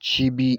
七 B。